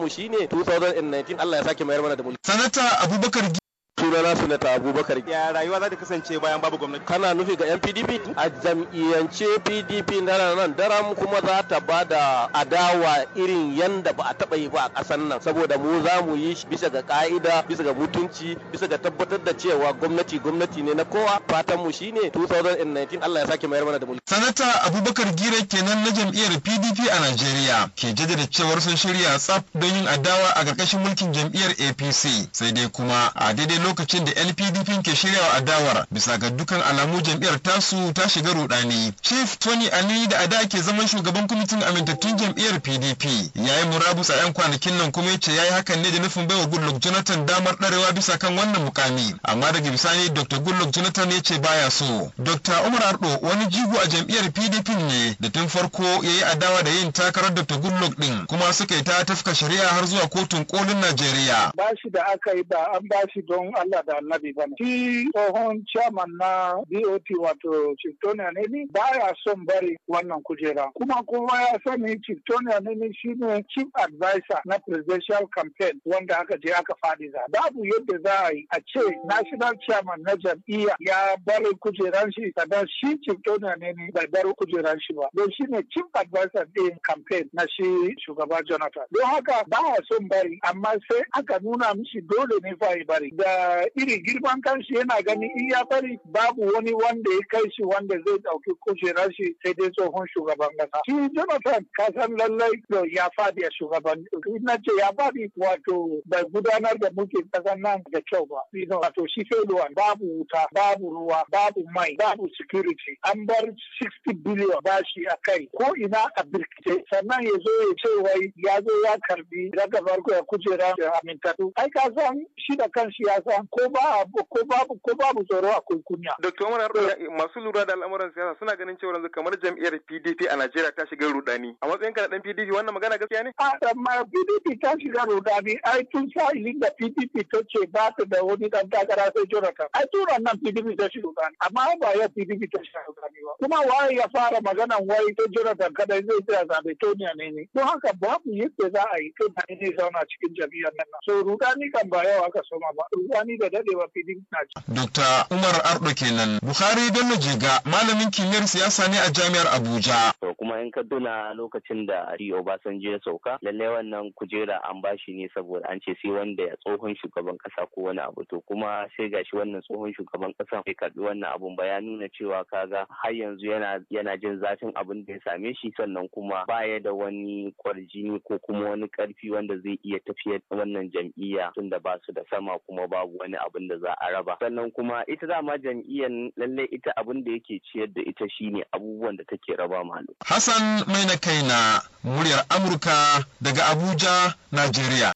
mu shine 2019 Allah ya sake mayar mana da mulki sanata Abubakar sunana sanata abubakar ya rayuwa za ta kasance bayan babu gwamnati kana nufi ga yan pdp a jam'iyyance pdp na nan daram kuma za ta ba da adawa irin yanda ba a taba yi ba a kasan nan saboda mu za mu yi bisa ga ka'ida bisa ga mutunci bisa ga tabbatar da cewa gwamnati gwamnati ne na kowa fatan mu shine 2019 Allah ya sake mayar mana da mulki sanata abubakar gire kenan na jam'iyyar pdp a najeriya ke jaddada cewar sun shirya tsaf don yin adawa a ƙarƙashin mulkin jam'iyyar apc sai dai kuma a daidai lokacin da LPDP ke shirya wa adawar bisa ga dukan alamu jam'iyyar tasu ta shiga rudani. Chief Tony Ali da ada ke zaman shugaban kwamitin amintattun jam'iyyar PDP ya yi murabus a 'yan kwanakin nan kuma yace ya yi hakan ne da nufin baiwa Goodluck Jonathan damar ɗarewa bisa kan wannan mukami. Amma daga bisani Dr. Goodluck Jonathan ya ce baya so. Dr. Umar Ardo wani jigo a jam'iyyar PDP ne da tun farko ya yi adawa da yin takarar Dr. Goodluck din kuma suka yi ta tafka shari'a har zuwa kotun kolin Najeriya. Ba shi da aka yi ba an ba shi don Allah da annabi bane Shi tsohon chairman na DOT wato Chiptonian Eni baya son bari wannan kujera. Kuma kowa ya sani Chiptonian Eni shine chief advisor na presidential campaign wanda aka je aka fadi za. Babu yadda za a yi a ce national chairman na jam'iyya ya bar kujeran shi kada shi Chiptonian Eni bai bar kujeran shi ba. Don shine chief advisor din campaign na shi shugaba Jonathan. Don haka baya son bari amma sai aka nuna mishi dole ne fa bari. Da iri girman kanshi yana gani in ya bari babu wani wanda ya kai shi wanda zai dauki kujerar shi sai dai tsohon shugaban kasa. Shi Jonathan kasan lallai ya fadi a shugaban na ce ya fadi wato bai gudanar da mulkin kasan nan da kyau ba. Wato shi failure babu wuta, babu ruwa, babu mai, babu security. An bar 60 billion bashi a kai ko ina a birkice sannan ya zo ya ce wai ya zo ya karbi daga farko ya kujera da amintattu. Ai kasan shi da kanshi ya haka ko ba ko babu ko babu tsoro kunya. Dr. Umar masu lura da al'amuran siyasa suna ganin cewa yanzu kamar jam'iyyar PDP a Najeriya ta shiga rudani. A matsayin ka dan PDP wannan magana gaskiya ne? A amma PDP ta shiga rudani ai tun sa'ilin da PDP ta ce ba ta da wani dan takara sai Jonathan. Ai tura nan PDP ta shiga rudani amma ba ya PDP ta shiga rudani ba. Kuma waye ya fara maganan wai ta Jonathan kada zai tsaya zabe Toniya ne ne. Don haka babu yadda za a yi da ne zauna cikin jam'iyyar nan. So rudani kan ba yawa aka soma ba. tsakani da dadewa filin naji. Dr. Umar Ardo kenan. Buhari Bello Jiga, malamin kimiyyar siyasa ne a Jami'ar Abuja. bayan kaduna lokacin da ari Obasanjo ya sauka lalle wannan kujera an bashi ne saboda an ce sai wanda ya tsohon shugaban kasa ko wani abu to kuma sai gashi wannan tsohon shugaban kasa bai karbi wannan abun ba ya nuna cewa kaga har yanzu yana yana jin zafin abin da ya same shi sannan kuma baya da wani kwarjini ko kuma wani karfi wanda zai iya tafiyar wannan jam'iyya tunda ba su da sama kuma babu wani abin da za a raba sannan kuma ita dama jam'iyyar lalle ita abin da yake ciyar da ita shine abubuwan da take raba ma Hassan Maina na muryar Amurka daga Abuja, Najeriya.